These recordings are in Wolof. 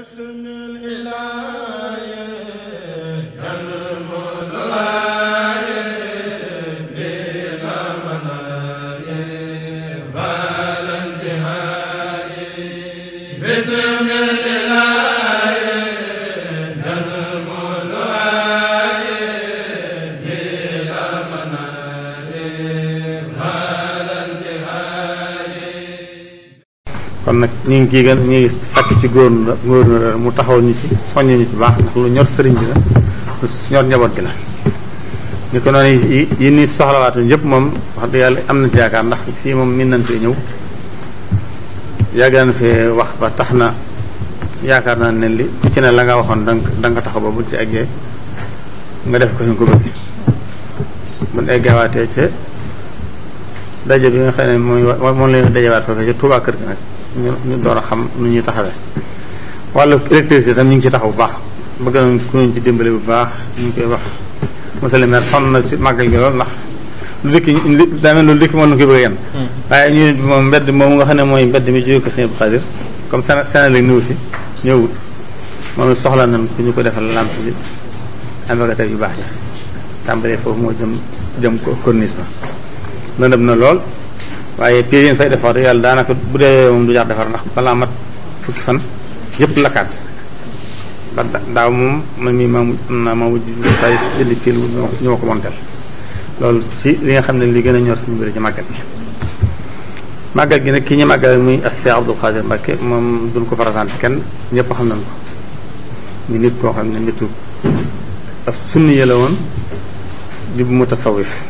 حسن الإله kon nag ñu ngi ciy gën ñu ngi sakk ci góor góor mu taxaw ñu ci soññ ñu ci baax ndax lu ñor sëriñ bi la lu ñor njaboot gi la ni ko noonu yi yi ni soxlawaatu yëpp moom wax yàlla am na ci yaakaar ndax fii moom min nañ fee ñëw yàgg nañ wax ba na yaakaar naa ne li ku la nga waxoon danga danga taxaw ba bu ci eggee nga def ko fi ko bëgg mun eggeewaatee ca daje bi nga xam ne moom moom la ñuy dajewaat foofu ca Tuubaa kër gi nag ñu ñu door a xam nu ñuy taxawee wàllu électricité tam ñu ngi ci taxaw bu baax bëgg nañ ku ñu ci dimbale bu baax ñu ngi koy wax monsieur le maire sonn na ci màggal gi lool ndax lu dëkk li daanaka loolu dëkk moo nu a yem. Hmm. waaye ñu moom mbedd nga xam ne mooy mbedd mi jóge ko sëñ Abdou Khadir comme seen seen la ñëw si ñëwut moom soxla nañ ku ñu ko defal lamp bi amagatal yu baax yi tàmbalee foofu moo jëm jëm ko corniche ba lëndëm na lool. waaye piir yi fay defar yàlla daanaka bu dee moom du jaar defar ndax balaa mat fukki fan yëpp lakkaat ba daaw moom man mii maa mujj am naa maa mujj jënd piir bu ñu ma ko monteel loolu ci li nga xam ne li gën a ñor suñu bëri ci màggal gi màggal gi nag ki ñu màggal muy Cheikh Abdou Khadir Mbacké moom duñ ko présenté kenn ñëpp xam nañ ko ngi nit koo xam ne nitu ab sunni la woon di bu mu tasawif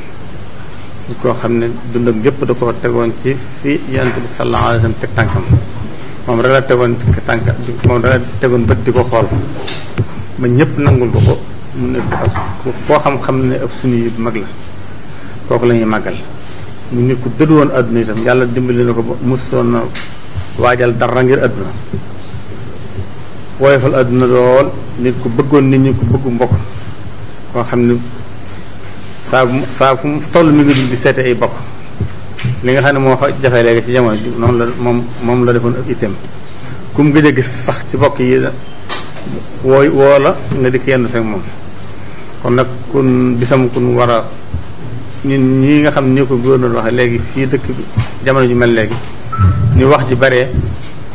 nit koo xam ne dundam yépp da ko tegoon ci fi yonent bi sallallahu alayhi teg tànkam moom rek la tegoon tànk moom rek la tegoon bët di ko xool ba ñëpp nangul ko ko mu ne koo xam-xam ne ab suñu yu mag la kooku la ñuy mu nit ku dëddu woon adduna itam yàlla dimbali na ko ba soon na waajal dara ngir adduna woyofal adduna lool nit ku bëggoon nit ñi ku bëgg mbokk koo xam ne saa saa fu mu toll ngi dul di seete ay bokk li nga xam ne moo xa jafe léegi ci jamono ji noonu la moom moom la defoon ab itam ku mu gëj gis sax ci bokk yi wooy woo la nga dikk moom kon nag kun bisam kun war a ñun ñi nga xam ni ko gouverneur waxee léegi fii dëkk jamono ji mel léegi ñu wax ji bare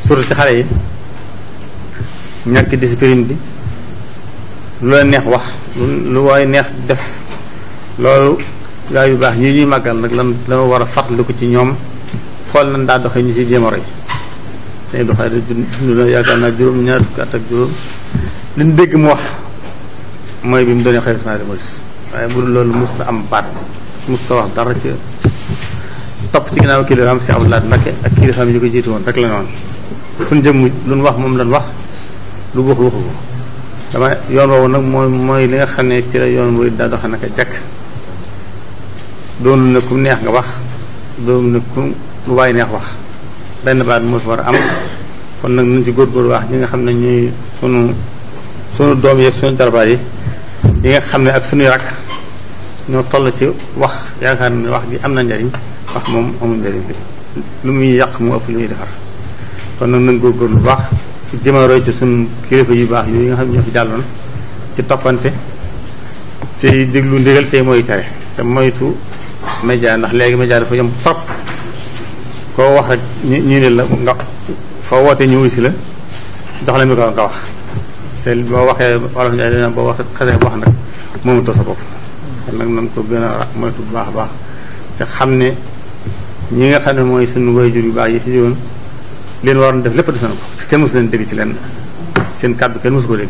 surtout ci xale yi ñàkk discipline bi lu la neex wax lu waaye neex def loolu gaa yu baax yi ñuy màggal nag lan dama war a fàttaliku ci ñoom xool nañ daa doxe ñu ci jéem a roy sëñ Abdou juróom ñaar fukki at ak juróom li dégg mu wax mooy bi mu doonee xëy na dama waaye bu dul loolu mos sa am baat mu sa wax dara ci topp ci ginnaaw kilifaam si Abdou Lahad Mbacké ak kilifaam yi ko jiitu woon rek la noonu fu ñu jëm lu ñu wax moom lañ wax lu wax waxu ko yoon woowu nag mooy mooy li nga xam ne ci la yoon wu daa doxee naka jàkk doonul ne ku neex nga wax doonul ne ku lu waay neex wax benn baat moo fi war a am kon nag nañ ci góor góorgóorlu wax ñi nga xam ne ñuy sunu sunu doom yeeg sunu jarbaat yi yi nga xam ne ak sunuy rak ñoo toll ci wax yaakaar ne wax gi am na njariñ wax moom amul njariñ bi lu muy yàq mu ëpp lu muy defar kon nag nañ góor lu baax jëma roy ci sunu kilifa yu baax yooyu nga xam ne ñoo fi jàlloon ci toppante te déglu ndigal tey mooy tere te moytu média ndax léegi média dafa yomb trop koo wax rek ñu ne la nga foo wootee ñu si la jox la micro nga wax te boo waxee wolof Njaay boo wax xasee wax nag moomu sa bopp nag nan ko gën a moytu baax a baax xam ne ñi nga xam ne mooy suñu waajur yu baax yi fi jógoon leen waroon def lépp def na ko kenn mosu leen dégg si leen seen kàddu kenn mosu ko dégg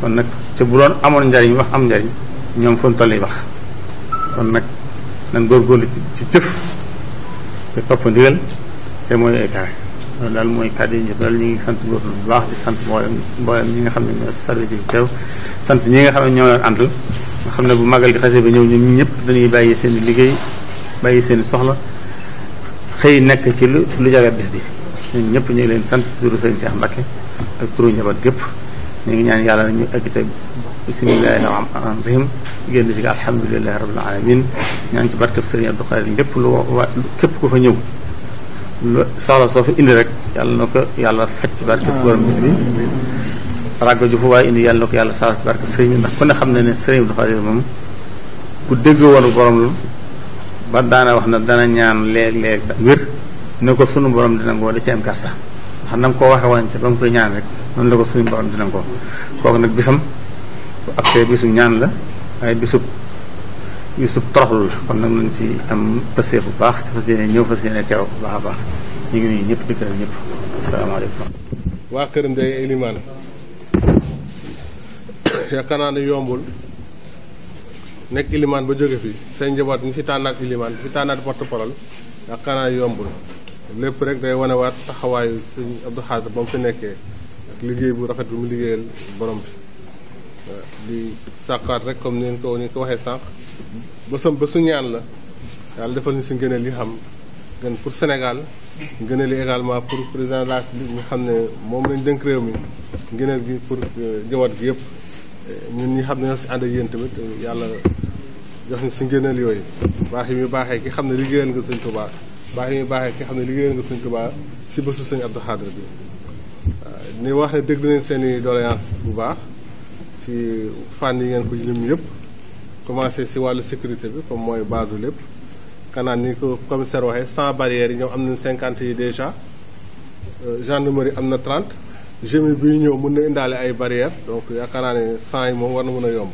kon nag te bu doon amoon njariñ wax am njariñ ñoom fu ñu toll wax kon nag nan góorgóorlu ci jëf te topp ndigal te mooy ay daal mooy kàddu yi ñu daal ñu ngi sant góorgóorlu bu baax di sant mboolem mboolem ñi nga xam ne ñoo service yi sant ñi nga xam ne ñoo leen nga xam ne bu magal di xasee ba ñëw ñoom ñëpp dañuy bàyyi seen liggéey bàyyi seen soxla xëy nekk ci lu lu jaga bis ñëpp ñu leen sant ci turu sëñ Cheikh Mbacke ak turu njaboot gépp ñu ngi ñaan yàlla ñu egg te bisimilahi rahmaani rahim génn ci alhamdulilahi rabbil alamin ñaan ci barkeb sëriñ Abdou Khadir lépp lu wa képp ku fa ñëw lu soxla soo fa indi rek yàlla na ko yàlla faj ci barkeb borom bis bi ràgga ju fa waaye indi yàlla na ko yàlla saal ci barkeb sëriñ bi ndax ku ne xam ne ne sëriñ Abdou Khadir moom ku dégg woon borom lu ba daana wax na dana ñaan léeg-léeg wér ne ko sunu borom dina ngoo da ci am kàssa xam na nga koo waxe woon ca ba mu koy ñaan rek noonu la ko sunu borom dina ngoo ak agsee bisu ñaan la waaye bisub bisub toroxlu la kon nag nañ ci am pësee bu baax ci fas yéene ñëw fas yéene teew bu baax a baax ñu ngi nuyu ñëpp di gërëm ñëpp asalaamaaleykum waa kër Ndeye Elimane yaakaar naa ne yombul nekk Elimane ba jóge fi seen njaboot ñi si tànnaat Elimane si tànnaat porte parole yaakaar naa ne yombul lépp rek day wanewaat taxawaayu sëñ Abdou Khadre ba mu fi nekkee liggéey bu rafet bi mu liggéeyal borom bi di sàqaat rek comme neen ko ni ko waxee sànq bésam bésu ñaan la yàlla defal ñu si ngëneel li xam gën pour Sénégal ngëneel li également pour président de la République xam ne moom lañ dënk réew mi ngëneel gi pour euh, jawaat gi yëpp ñun ñi xam ne ñoo si ànd ak yéen tamit yàlla jox ñu si ngëneel yooyu baax yi mu baaxee ki xam ne liggéeyal nga sëñ Tuubaa baax yi mu baaxee ki xam ne liggéeyal nga sëñ Tuubaa si bésu sëñ Abdou Khadre bi ni wax ne dégg nañ seen i bu baax ci fànn yi ngeen ko lim yëpp commencé si wàll sécurité bi comme mooy base lépp xanaa ni ko commissaire waxee cent barrière yi ñoom am na cinquante yi déjà yi euh, am na trente gémi bi ñëw mun na indaale ay barrière donc yaakaar naa ne cent yi moom war na mën a yomb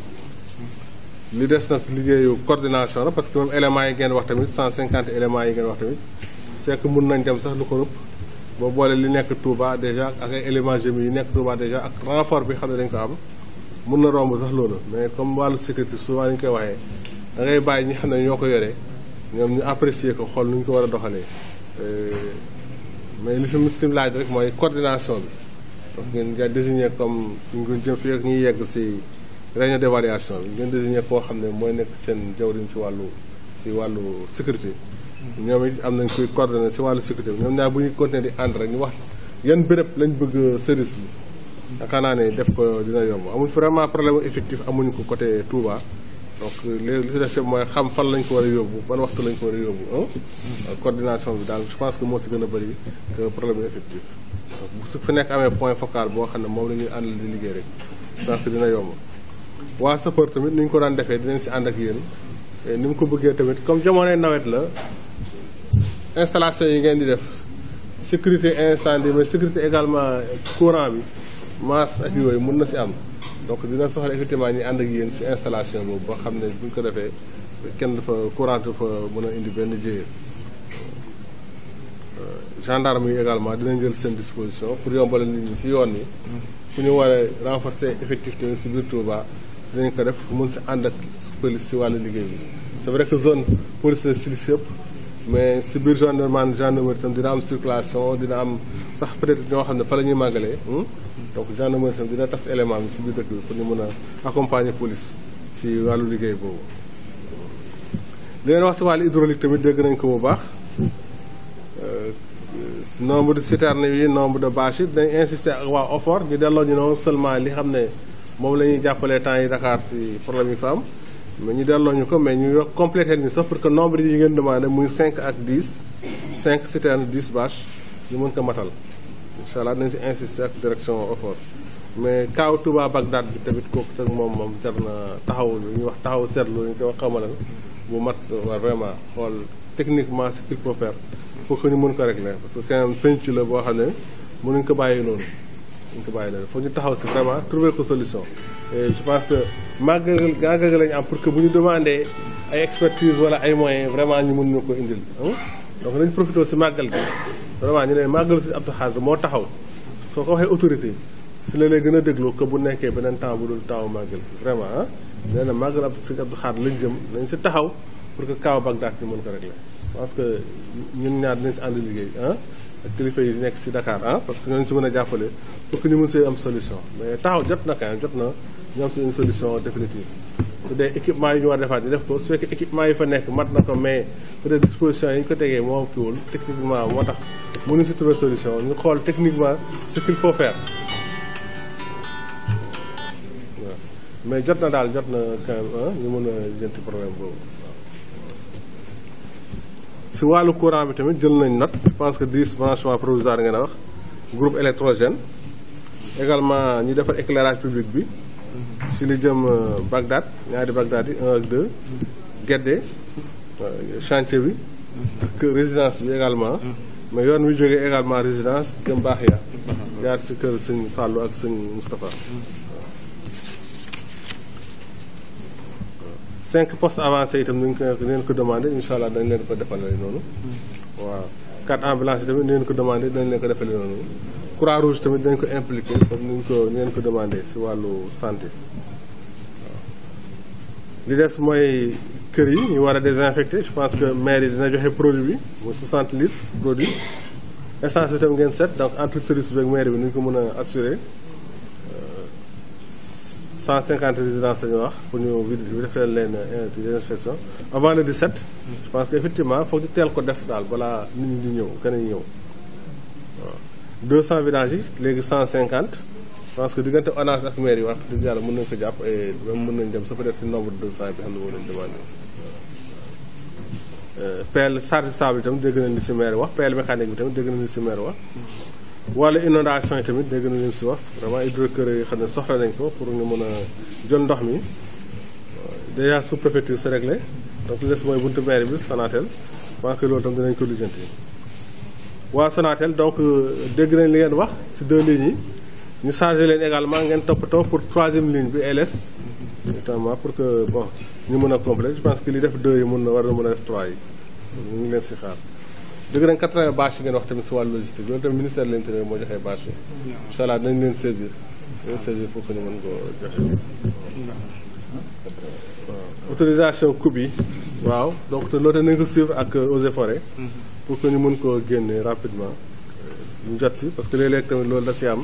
li des nag liggéeyu coordination la parce que même éléments yi ngeen wax tamit cent cinquante élément yi ngeen wax tamit c'est que mën nañ dem sax lu ko boo boole li nekk Touba déjà ak ay éléments yi nekk Touba déjà ak renfort bi xam ne dañ ko am mun na romb sax loolu mais comme wàllu sécurité souvent ni ñu koy waxee da ngay bàyyi ñi xam ne ñoo ko yore ñoom ñu apprécier ko xool nu ñu ko war a doxalee euh, mais li si sim laaj rek mooy coordination bi donc ngeen nga désigné comme ñu ngi jëm fii ak ñuy yegg si réunion variation bi ngeen désigné koo xam ne mooy nekk seen jawriñ si wàllu si wàllu sécurité ñoom it am nañ koy coordonné si wàllu sécurité bi ñoom ñaar bu ñu continuer di ànd rek ñu wax yan béréb lañ bëgg service bi yaakaar naa ne def ko dina yomb amuñ vraiment problème effectif amuñ ko côté Touba donc léegi li def mooy xam fan lañ ko war yóbbu ban waxtu lañ ko war a yóbbu hmm. coordination bi daal je pense que moo si gën a bëri que problème effectif nekk amee point focal boo xam ne moom la ñuy àndal di liggéey rek je pense que dina yomb waa tamit ni ko daan defee dinañ si ànd ak yéen ni mu ko bëggee tamit comme jamonoy nawet la installation yi ngeen di def sécurité incendie mais sécurité également courant bi masse ak yooyu mën na si am donc dina soxla effectivement ñu ànd ak yéen si installation boobu ba xam ne bu ñu ko defee kenn dafa courant dafa mën a indi benn jéyee euh, gendarme yi également dinañ jël seen disposition pour yombal nit ñi si yoon yi fu ñu war a renforcer effectif tamit si biir Touba dinañ ko def mun si ànd ak police si wàllu liggéey bi c'est vrai que zone police la si yëpp mais si biir gendarmerie gendarmerie tam dina am circulation dina am sax peut-être ñoo xam ne fa la ñuy màggalee hmm? donc gendarmerie tam dina tas élément bi si biir dëkk bi pour ñu mën a accompagner police si wàllu liggéey boobu. li ngeen wax si wàllu hydraulique tamit dégg nañ ko bu baax euh, nombre de citerne yi nombre de bâche yi dinañ insister ak waa OFOR ñu delloo ñu noonu seulement li xam ne moom la ñuy jàppalee temps yi Dakar si problème yi fa am. mais ñu delloo ñu ko mais ñu yokk complété ñu sax pour que nombre yi ngeen demandé muy 5 ak 10 5 citernes 10 bâches ñu mën ko matal incha allah dinañ si insister ak direction OFOR mais kaaw Touba Bagdad bi tamit kooku teg moom moom jar na taxaw lu ñuy wax taxaw seetlu ñu koy wax xamalal bu mat vraiment xool techniquement ce qu'il faut faire ñu mën ko régler parce que quand même penc la boo xam ne mënuñ ko bàyyi noonu mënuñ ko bàyyi noonu foog ñu taxaw si vraiment trouver solution màgg gàggal lañu am pour que bu ñu demandee ay expertise wala ay moyens vraiment ñu mën ñu ko indil donc nañ profité si màggal gi vraiment ñu ne màggal si Abdou Khadre moo taxaw soo ko waxee autorité si la lay gën a déglu bu nekkee beneen temps bu dul temps màggal vraiment nee na màggal ab si Abdou Khadre lañ jëm nañ si taxaw pour que kaaw Bagdad ñu mën ko régler parce que ñun ñaar dinañ si ànd liggéey ah ak kilifa yi nekk si Dakar ah parce que ñooñu si mën a jàppale pour que ñu mën see am solution mais taxaw jot na kay jot na ñu am une solution définitive su dee équipement yi ñu war defaat ñu def ko su fekkee équipement yi fa nekk mat na ko mais peut-être disposition yi ñu ko tegee moo kiwul techniquement moo tax mënuñ si trouver solution ñu xool techniquement ce qu'il faut faire mais jot na daal jot na quand même ñu mën a jënti problème boobu si wàllu courant bi tamit jël nañ note je pense que 10 branchements provisoires ngeen a wax groupe électrogène également ñu defar éclairage public bi si li jëm euh, Bagdad ñaari Bagdad yi un ak deux Guédé euh, chantier bi ak résidence bi également mais yoon wi jógee également résidence jëm baax ya jaar ci kër sëñ Fallou ak sëñ Moustapha cinq postes avancés itam nañ ko neen ko demandé incha allah dañ leen ko defale noonu waaw quatre ambulances yi tamit neen ko demande dañ leen ko defale noonu croix rouge tamit dañ ko impliqué comme ni ñu ko ni ngeen ko demandé si wàllu santé li des mooy kër yi ñu war a désinfecté je pense que maire yi dina joxe produit bi mooy 60 litres produit essence bi tam ngeen set donc entre service bi ak maire bi ni ñu ko mën a assuré 150 euh, résidences lañu wax pour ñu vi defee leen euh, désinfection avant le 17 je pense que effectivement foog teel ko def daal balaa nit ñi di ñëw keneen ñëw cent villages yi léegi 150 cinquante pense que diggante ONAS ak maire yi wax dëgg yàlla mën nañ ko jàpp et même mën nañu dem sa peut être de 200 bi xam ne moo leen demandé. pelle charge sable itam dégg nañu li si maire wax pelle mécanique bi tamit dégg nañu li si maire wax. wala inondation yi tamit dégg nañu li si wax vraiment hydrocœur yi xam ne soxla nañ ko pour ñu mën a jël ndox mi euh, déjà sous préfecture c'est réglé donc li des mooy buntu maire bi Sonatel je pense que loolu tam dinañ ko lijjanti. waa Sonatel donc euh, dégg li ngeen wax ci deux lignes yi ñu changé leen également ngeen toppatoo pour troisième ligne bi eles LS notamment pour que bon ñu mën a compléter je que li def deux yi mën na war na mën a def trois yi ñu ngi leen ci xaar dëgg nañ 80 bâche ngeen wax tamit ci wàllu logistique loolu tamit ministère de l'intérieur moo joxee bâche yi incha allah dinañ leen saisir dinañ saisir pour que ñu mën ko joxe autorisation coupe donc te loolu nañ ko ak eaux pour que ñu mën koo génne rapidement ñu si parce que léeg-léeg tamit loolu da si am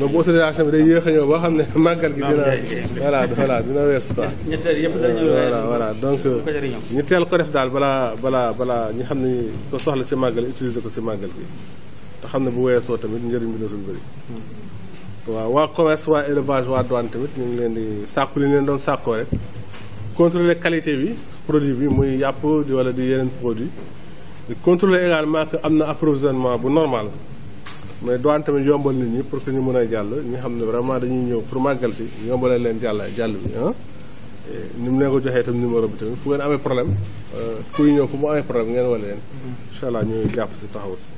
donc autorisation bi day yéex a boo xam ne màggal gi dina voilà voilà dina weesu quoi voilà voilà donc ñu teel ko def daal balaa balaa balaa ñi xam ne ko soxla si màggal utiliser ko si màggal gi te xam ne bu weesoo tamit njëriñ bi dootul bëri hmm. waaw waa commerce waa élevage waa douane tamit ñu ngi leen di sàkku li ñu doon sàkkoo rek contrôler qualité bi produit bi muy yàpp di wala di yeneen di contrôler également am na approvisionnement bu normal mais douane tamit yombal nit ñi pour que ñu mën a jàll ñu xam ne vraiment dañuy ñëw pour màggal si yombalal leen jàll jàll bi ah. ni mu leen ko joxee itam numéro bi tamit fu amee problème euh, kuy ñëw ku mu amee problème ngeen wane leen. incha allah ñooy jàpp si taxaw si.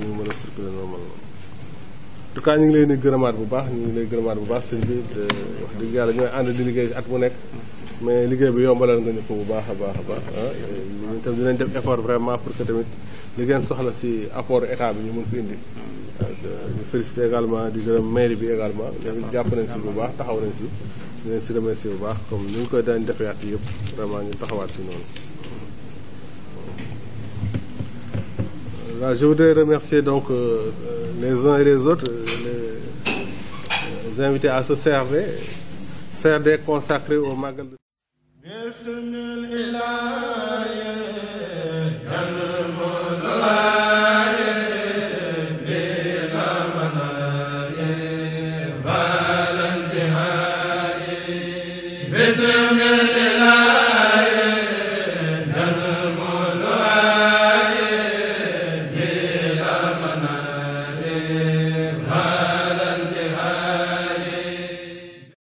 ñu mën a circuler normalement. en tout ñu ngi leen di gërëmaat bu baax ñu ngi lay gërëmaat bu baax si bi wax yàlla ñooy ànd di liggéey at bu nekk. mais liggéey bi yombalal nga ñu ko bu baax a baax a baax ah. ñun tam dinañ def effort vraiment pour que tamit li ngeen soxla si apport état bi ñu mun ko indi. ak euh, ñu félicité également di gërëm mairie bi également. ñoom jàpp nañ si bu baax taxaw nañ si. dinañ si remercier bu baax comme ni ñu koy daan defee at yëpp vraiment ñu taxawaat si noonu. voilà je voudrais remercier donc euh, euh, les uns et les autres les, invités à ce CRD, CRD consacré au Magal de باسم الإله